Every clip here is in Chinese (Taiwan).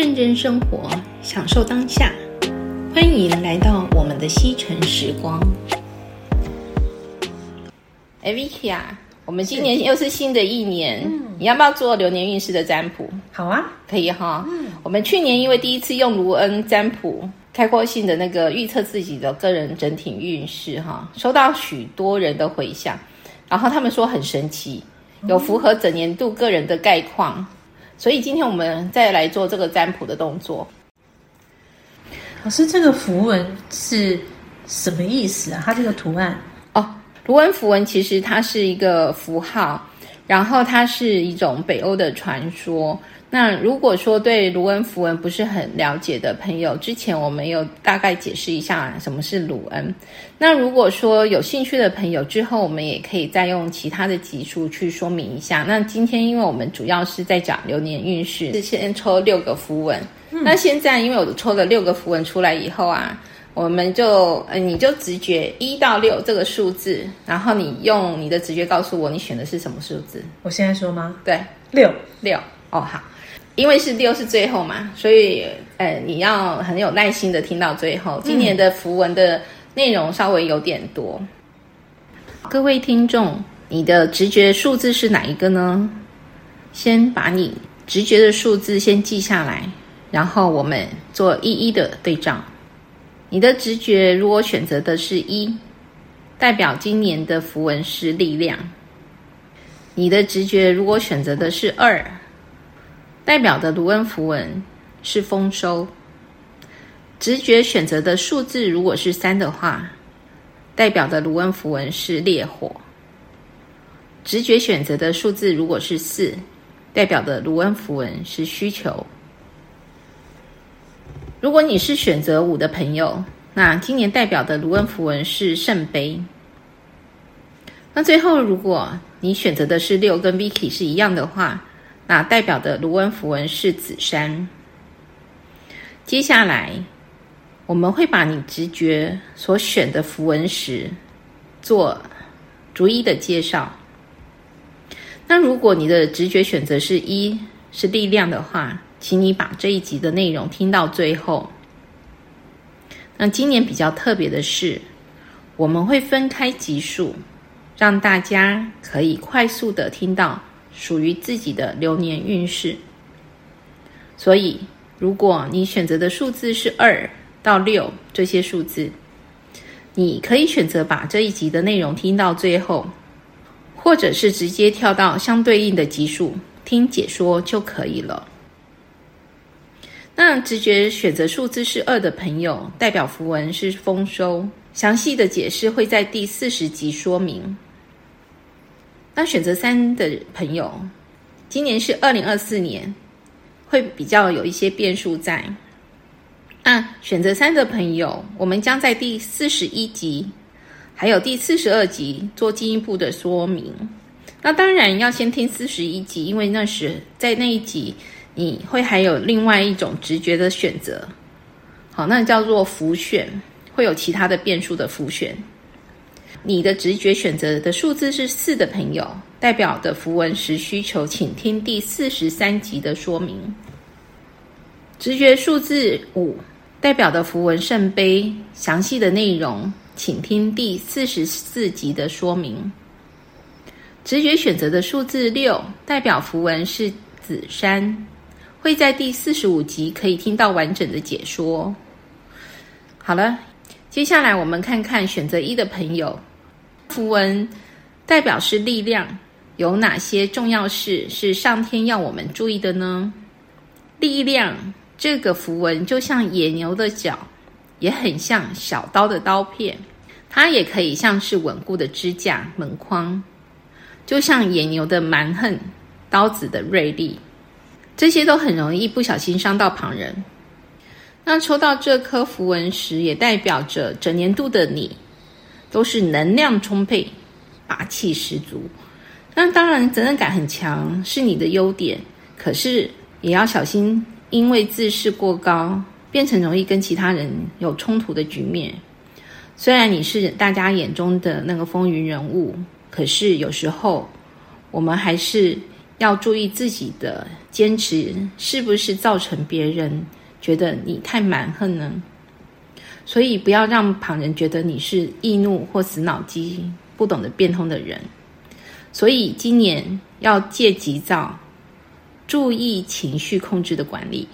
認真生活，享受當下。歡迎來到我們的西城時光。誒，Vicky 啊，我們今年又是新的一年，嗯、你要不要做流年運勢的占卜？好啊，可以哈。嗯、我們去年因為第一次用盧恩占卜，開闊性的那個預測自己的個人整體運勢哈，收到許多人的回響，然後他們說很神奇，有符合整年度個人的概況。嗯嗯所以今天我們再來做這個占卜的動作。老師，這個符文是什麼意思啊？它這個圖案哦，盧恩符文其實它是一個符號，然後它是一種北歐的傳說。那如果說對盧恩符文不是很了解的朋友，之前我們有大概解釋一下、啊、什麼是盧恩。那如果說有興趣的朋友，之後我們也可以再用其他的技術去說明一下。那今天因為我們主要是在講流年運勢，是先抽六個符文。嗯、那現在因為我抽了六個符文出來以後啊，我們就，你就直覺一到六這個數字，然後你用你的直覺告訴我你選的是什麼數字？我現在說嗎？對，六六，6, 哦好。因為是六是最後嘛，所以呃，你要很有耐心的聽到最後。今年的符文的內容稍微有點多。嗯。各位聽眾，你的直覺數字是哪一個呢？先把你直覺的數字先記下來，然後我們做一一的對照。你的直覺如果選擇的是一，代表今年的符文是力量。你的直覺如果選擇的是二。代表的盧恩符文是豐收。直覺選擇的數字如果是三的話，代表的盧恩符文是烈火。直覺選擇的數字如果是四，代表的盧恩符文是需求。如果你是選擇五的朋友，那今年代表的盧恩符文是聖杯。那最後，如果你選擇的是六，跟 Vicky 是一樣的話。那代表的盧恩符文是紫山。接下來，我們會把你直覺所選的符文石做逐一的介紹。那如果你的直覺選擇是一，是力量的話，請你把這一集的內容聽到最後。那今年比較特別的是，我們會分開集數，讓大家可以快速的聽到，屬於自己的流年運勢。所以，如果你選擇的數字是二到六這些數字，你可以選擇把這一集的內容聽到最後，或者是直接跳到相對應的集數聽解說就可以了。那直覺選擇數字是二的朋友，代表符文是豐收，詳細的解釋會在第四十集說明。那選擇三的朋友，今年是二零二四年，會比較有一些變數在。那選擇三的朋友，我們將在第四十一集還有第四十二集做進一步的說明。那當然要先聽四十一集，因為那時在那一集你會還有另外一種直覺的選擇，好，那叫做浮選，會有其他的變數的浮選。你的直覺選擇的數字是四的朋友，代表的符文是需求，請聽第四十三集的說明。直覺數字五，代表的符文聖杯，詳細的內容請聽第四十四集的說明。直覺選擇的數字六，代表符文是紫杉，會在第四十五集可以聽到完整的解說。好了。接下來，我們看看選擇一的朋友，符文代表是力量。有哪些重要事是上天要我們注意的呢？力量這個符文就像野牛的角，也很像小刀的刀片，它也可以像是穩固的支架、門框，就像野牛的蠻橫、刀子的銳利，這些都很容易不小心傷到旁人。那抽到這顆符文時，也代表着整年度的你都是能量充沛、霸氣十足。那當然，責任感很強是你的優點，可是也要小心，因為自視過高，變成容易跟其他人有衝突的局面。雖然你是大家眼中的那個風雲人物，可是有時候我們還是要注意自己的堅持是不是造成別人，覺得你太蠻橫呢，所以不要讓旁人覺得你是易怒或死腦筋、不懂得變通的人。所以今年要戒急躁，注意情緒控制的管理。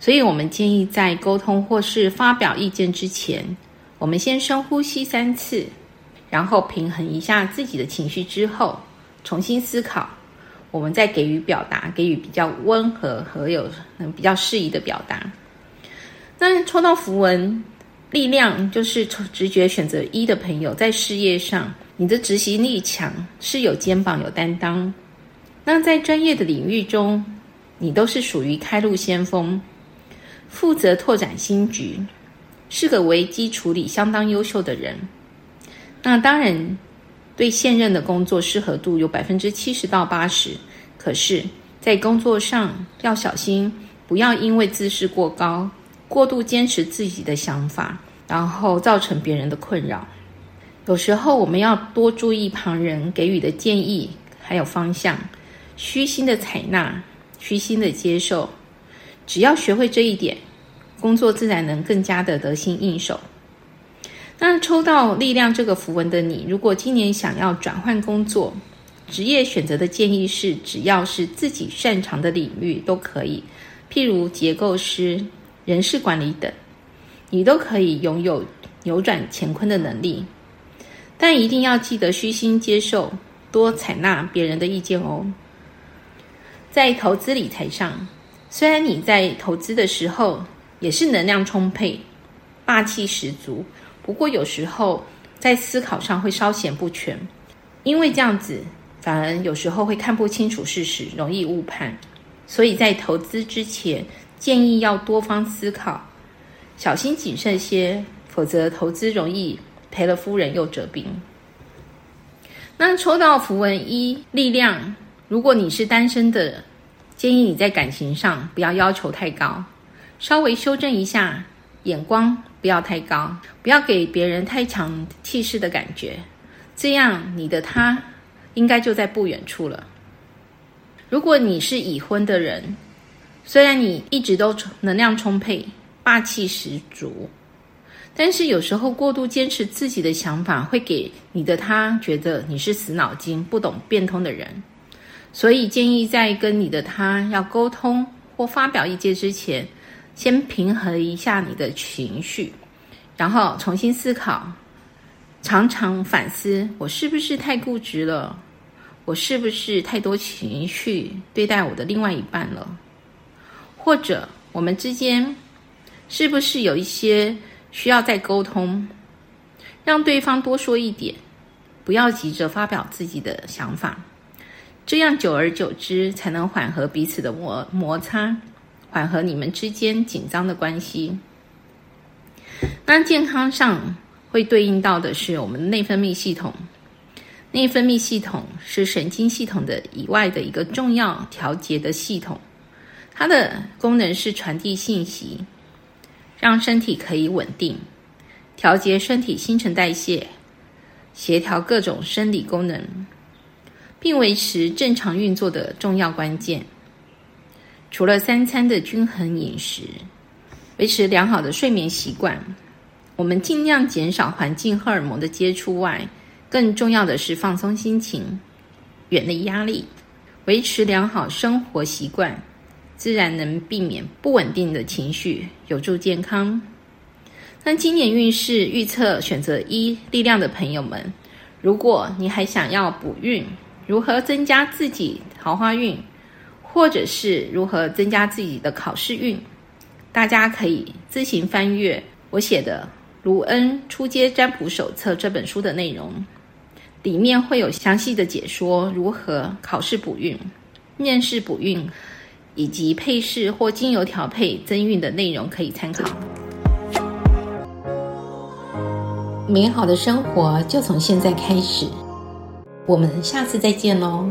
所以我們建議，在溝通或是發表意見之前，我們先深呼吸三次，然後平衡一下自己的情緒之後，重新思考。我們再給予表達，給予比較溫和和有比較適宜的表達。那抽到符文力量，就是直覺選擇一的朋友，在事業上你的執行力強，是有肩膀有擔當。那在專業的領域中，你都是屬於開路先鋒，負責拓展新局，是個危機處理相當優秀的人。那當然。對現任的工作適合度有百分之七十到八十，可是，在工作上要小心，不要因為自視過高，過度堅持自己的想法，然後造成別人的困擾。有時候我們要多注意旁人給予的建議，還有方向，虛心的採納，虛心的接受。只要學會這一點，工作自然能更加的得心應手。那抽到力量這個符文的你，如果今年想要轉換工作、職業選擇的建議是，只要是自己擅長的領域都可以，譬如結構師、人事管理等，你都可以擁有扭轉乾坤的能力。但一定要記得虛心接受，多採納別人的意見哦。在投資理財上，雖然你在投資的時候也是能量充沛、霸氣十足。不過有時候在思考上會稍顯不全，因為這樣子反而有時候會看不清楚事實，容易誤判。所以在投資之前，建議要多方思考，小心謹慎些，否則投資容易賠了夫人又折兵。那抽到符文一力量，如果你是單身的，建議你在感情上不要要求太高，稍微修正一下眼光。不要太高，不要給別人太強氣勢的感覺，這樣你的他應該就在不遠處了。如果你是已婚的人，雖然你一直都能量充沛、霸氣十足，但是有時候過度堅持自己的想法，會給你的他覺得你是死腦筋、不懂變通的人。所以建議在跟你的他要溝通或發表意見之前，先平和一下你的情緒，然後重新思考，常常反思，我是不是太固執了，我是不是太多情緒對待我的另外一半了，或者我們之間是不是有一些需要再溝通，讓對方多說一點，不要急着發表自己的想法，這樣久而久之才能緩和彼此的摩，摩擦。緩和你們之間緊張的關係，那健康上會對應到的是我們內分泌系統。內分泌系統是神經系統的以外的一個重要調節的系統，它的功能是傳遞信息，讓身體可以穩定，調節身體新陳代謝，協調各種生理功能，並維持正常運作的重要關鍵。除了三餐的均衡飲食，維持良好的睡眠習慣，我們盡量減少環境荷爾蒙的接觸外，更重要的是放鬆心情，遠離壓力，維持良好生活習慣，自然能避免不穩定的情緒，有助健康。那今年運勢預測選擇一力量的朋友們，如果你還想要補運，如何增加自己桃花運？或者是如何增加自己的考試運，大家可以自行翻閱我寫的《盧恩初階占卜手冊》這本書的內容，裡面會有詳細的解說如何考試補運、面試補運，以及配飾或精油調配增運的內容可以參考。美好的生活就從現在開始，我們下次再見嘍。